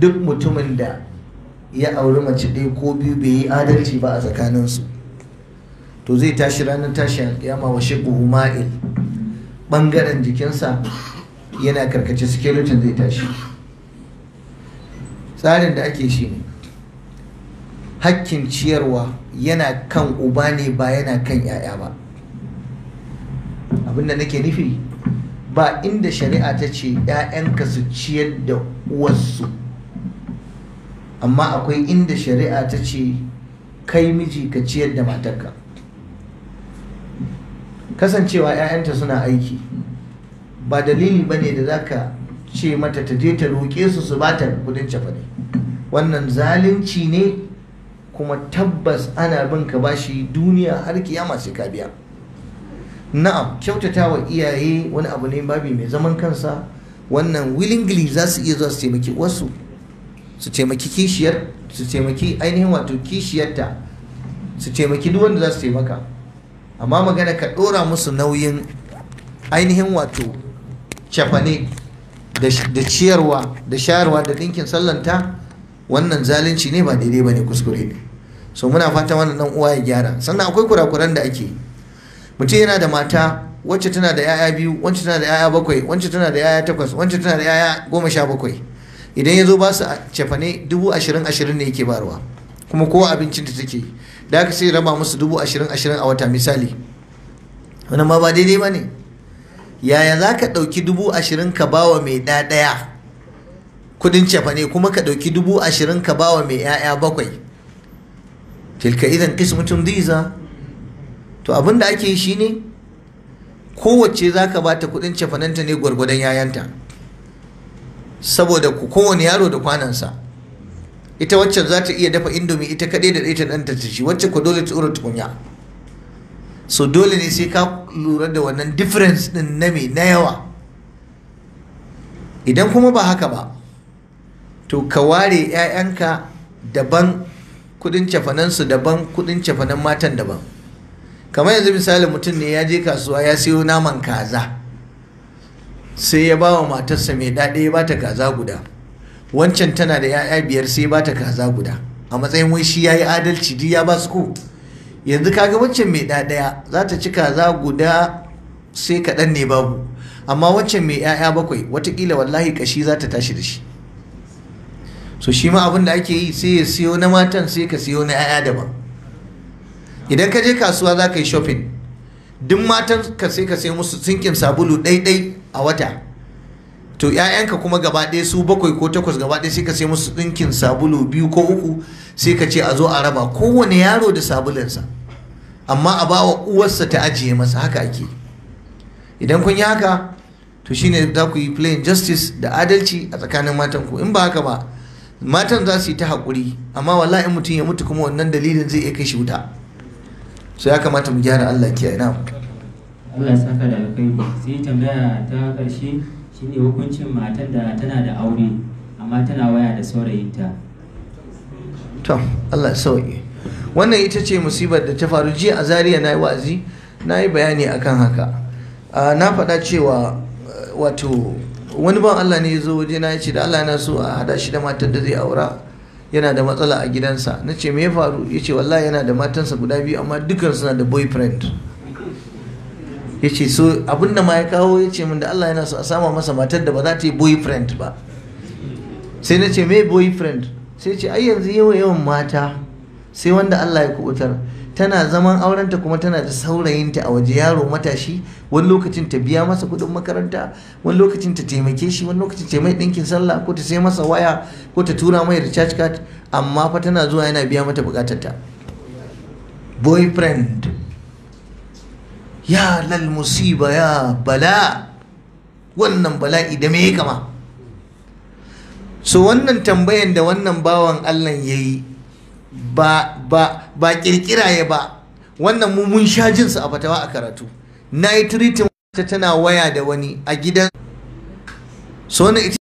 duk mutumin da ya auri mace ɗaya ko biyu bai yi adalci ba a tsakaninsu to zai tashi ranar tashi kiyama wa shi ma'il ɓangaren jikinsa yana karkace skeleton zai tashi tsarin da ake shi ne hakkin ciyarwa yana kan uba ne ba yana kan 'ya'ya ba abinda nake nufi ba inda shari'a ta ce 'ya'yanka su ciyar da uwarsu amma akwai inda shari'a ta ce kai miji ka ciyar da matarka kasancewa 'ya'yanta suna aiki ba dalili ba ne da za ka ce mata ta je ta roƙe su su ba ta kudin ne wannan zalunci ne kuma tabbas ana bin ka bashi duniya har kiyama sai ka biya na'am kyautata wa iyaye wani abu ne babi mai zaman kansa wannan willingly za su iya zuwa su taimaki wasu su taimaki kishiyar su taimaki ainihin wato kishiyarta su taimaki duk wanda za su taimaka amma magana ka ɗora musu nauyin ainihin wato cafane da ciyarwa da shayarwa da ɗinkin sallanta wannan zalunci ne ba daidai ba ne kuskure ne so muna fata wannan dan uwa ya gyara sannan akwai kurakuran da ake mutum yana da mata wacce tana da 'ya'ya biyu wacce tana da 'ya'ya bakwai wacce tana da 'ya'ya takwas wacce tana da 'ya'ya goma sha bakwai idan ya zo ba su cefane dubu ashirin ashirin ne yake barwa kuma kowa abincin da take da aka sai raba musu dubu ashirin ashirin a wata misali wannan ma ba daidai ba ne yaya za ka ɗauki dubu ashirin ka bawa mai ɗaya kudin cefane kuma ka ɗauki dubu ashirin ka bawa mai 'ya'ya bakwai tilka idan zai diza to abin da ake yi shine kowace za ka bata kudin cefanenta ne gwargwadon 'ya'yanta saboda ku kowane yaro da kwanansa ita wacce za ta iya dafa indomi ita kaɗai da ita ɗan ta ci wacce ku dole ta tukunya so dole ne sai ka lura da wannan difference ɗin na mai na yawa idan kuma ba haka ba to ka ware 'ya'yanka daban kudin cafanansu daban kudin cafanan matan daban kamar yanzu misali mutum ne ya je kasuwa ya siyo naman kaza sai ya ba wa matarsa mai daɗe ya bata kaza guda wancan tana da 'ya'ya biyar sai ya bata kaza guda a matsayin wai shi ya yi adalci duk ya ba su ko yanzu kaga wancan mai ɗaɗaya za ta ci kaza guda sai kaɗan ne babu amma wancan mai 'ya'ya bakwai watakila wallahi kashi za ta tashi da shi so shi ma abin da ake yi sai ya siyo na matan sai ka siyo na 'ya'ya daban idan ka je kasuwa za ka yi shopping duk matan ka sai ka sai musu tsinkin sabulu ɗaiɗai a wata to 'ya'yanka kuma gaba ɗaya su bakwai ko takwas gaba ɗaya sai ka sai musu ɗinkin sabulu biyu ko uku sai ka ce a zo a raba kowane yaro da sabulunsa amma a bawa uwarsa ta ajiye masa haka ake idan kun yi haka to shine za ku yi plain justice da adalci a tsakanin matan ku in ba haka ba matan za su yi ta haƙuri amma wallahi in mutum ya mutu kuma wannan dalilin zai iya kai shi wuta so ya kamata mu gyara Allah kiyaye na Allah saka da alkhairi sai tambaya ta ƙarshe shine hukuncin matan da tana da aure amma tana waya da saurayinta to Allah sauke wannan ita ce musibar da ta faru jiya a Zariya na yi wa'azi na yi bayani akan haka na faɗa cewa eh, wato wani ban Allah ne ya zo waje na yace ce da Allah yana so a hada shi da matar da zai aura yana da matsala a gidansa na ce me ya faru ya ce wallahi yana da matansa guda biyu amma dukkan na da boyfriend ya ce so abinda ma ya kawo ya ce min da Allah yana so a sama masa matar da ba za ta yi boyfriend ba sai na ce me boyfriend sai ce ai yanzu yawan yawan mata sai wanda Allah ya kubutar tana zaman aurenta kuma tana da saurayinta a waje yaro matashi wani lokacin ta biya masa kuɗin makaranta wani lokacin ta taimake shi wani lokacin ta mai ɗinkin sallah ko ta sai masa waya ko ta tura mai recharge card amma fa tana zuwa yana biya mata bukatarta boyfriend ya lal musiba ya bala wannan bala'i da me ya kama so wannan tambayan da wannan bawan allah ya yi ba ba kirkira ya ba wannan mu mun sha jinsu a fatawa a karatu na yi tiritin wata tana waya da wani a gidan so wannan ita